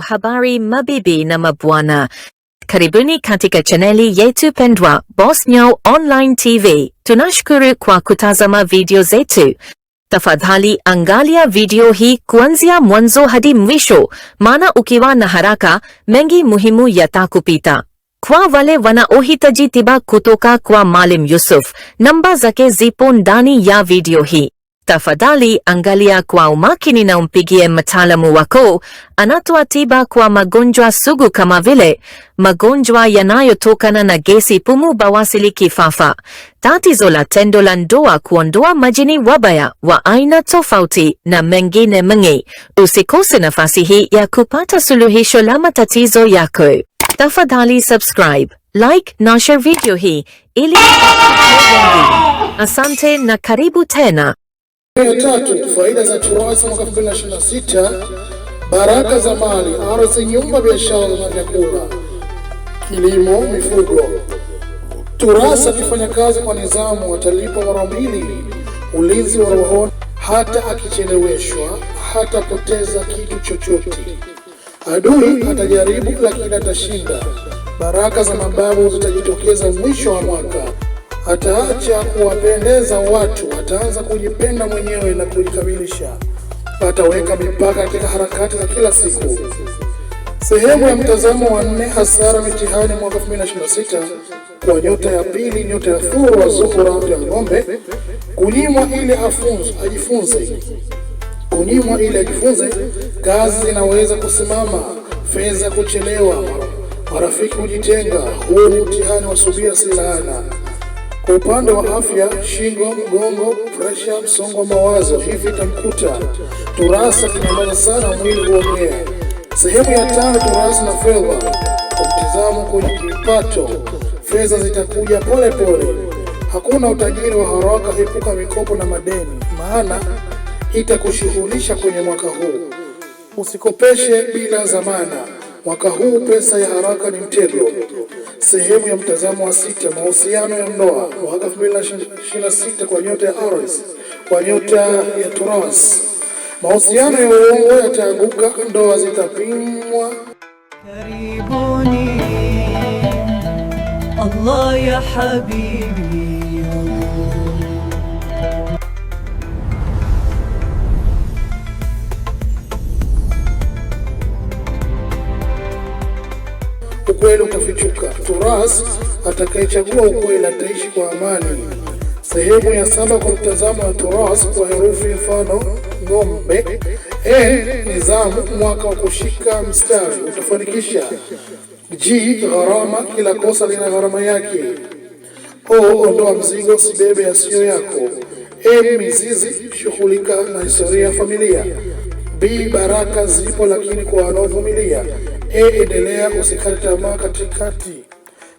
Habari mabibi na mabwana, karibuni katika chaneli yetu pendwa Boss Online TV. Tunashukuru kwa kutazama video zetu. Tafadhali angalia video hii kuanzia mwanzo hadi mwisho, maana ukiwa na haraka mengi muhimu yatakupita. Kwa wale wanaohitaji tiba kutoka kwa Maalim Yusuf, namba zake zipo ndani ya video hii. Tafadhali angalia kwa umakini na umpigie mtaalamu wako. Anatoa tiba kwa magonjwa sugu kama vile magonjwa yanayotokana na gesi pumu, bawasili, kifafa, tatizo la tendo la ndoa, kuondoa majini wabaya wa aina tofauti na mengine mengi. Usikose nafasi hii ya kupata suluhisho la matatizo yako. Tafadhali subscribe, like na share video hii ili. Asante na karibu tena. Ya tatu, faida za TUWASA mwaka 2026, baraka za mali, ardhi, nyumba, biashara na vyakula, kilimo, mifugo. TUWASA akifanya kazi kwa nidhamu atalipwa mara mbili. Ulinzi wa rohoni, hata akicheleweshwa hatapoteza kitu chochote. Adui atajaribu lakini atashinda. Baraka za mababu zitajitokeza mwisho wa mwaka. Ataacha kuwapendeza watu ataanza kujipenda mwenyewe na kujikamilisha. Ataweka mipaka katika harakati za kila siku. Sehemu ya mtazamo wa nne, hasara mitihani mwaka 2026 kwa nyota ya pili, nyota ya Thuru wa Zuhura ya Ng'ombe, kunyimwa ili afunze ajifunze, kunyimwa ili ajifunze. Kazi zinaweza kusimama, fedha kuchelewa, marafiki kujitenga. Huu ni mtihani wa subira, si laana. Kwa upande wa afya, shingo, mgongo, presha, msongo wa mawazo, hivi tamkuta turasa kinambaza sana mwili huongea. Sehemu ya tano, turasa na fedha. Kwa mtizamo kwenye kipato, fedha zitakuja pole pole Hakuna utajiri wa haraka, epuka mikopo na madeni, maana itakushughulisha kwenye mwaka huu. Usikopeshe bila zamana mwaka huu pesa ya haraka ni mtego sehemu ya mtazamo wa sita, mahusiano ya ndoa, mwaka 2026 kwa nyota ya Aries, kwa nyota ya Taurus. Mahusiano ya uongo yataanguka, ndoa zitapimwa. Karibuni Allah ya habibi ukweli utafichuka. Turas atakayechagua ukweli ataishi kwa amani. Sehemu ya saba kwa mtazamo wa Turas kwa herufi mfano ng'ombe. E, nizamu mwaka wa kushika mstari utafanikisha. G, gharama, kila kosa lina gharama yake. O, ondoa mzigo, sibebe yasiyo yako. E mizizi, shughulika na historia ya familia. B, baraka zipo lakini kwa wanaovumilia. E, endelea usikate tamaa katikati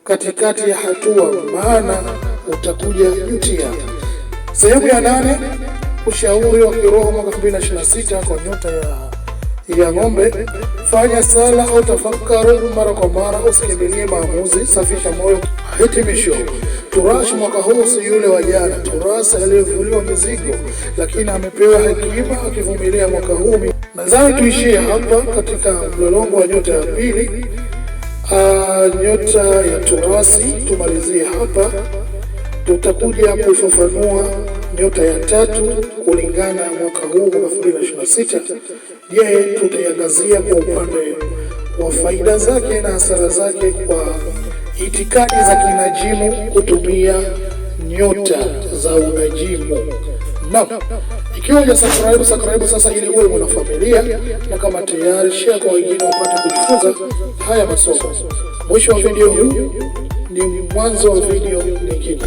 katikati ya hatua, maana utakuja mtia. Sehemu ya nane, ushauri wa kiroho mwaka 2026 kwa nyota ya ya ng'ombe. Fanya sala au tafakari mara kwa mara, usikimbilie maamuzi, safisha moyo. Hitimisho, Turashi mwaka huu si yule wa jana. Turasi aliyevuliwa mizigo, lakini amepewa hekima, akivumilia mwaka huu Nadhani tuishie hapa katika mlolongo wa nyota ya pili, ah, nyota ya Torasi. Tumalizie hapa, tutakuja kufafanua nyota ya tatu kulingana na mwaka huu 2026. Je, tutaiangazia kwa upande wa faida zake na hasara zake kwa itikadi za kinajimu kutumia nyota za unajimu. Naam. Kionja sa subscribe sasa, ili uwe mwanafamilia na kama tayari, share kwa wengine wapate kujifunza haya masomo. Mwisho wa video huu ni mwanzo wa video nyingine.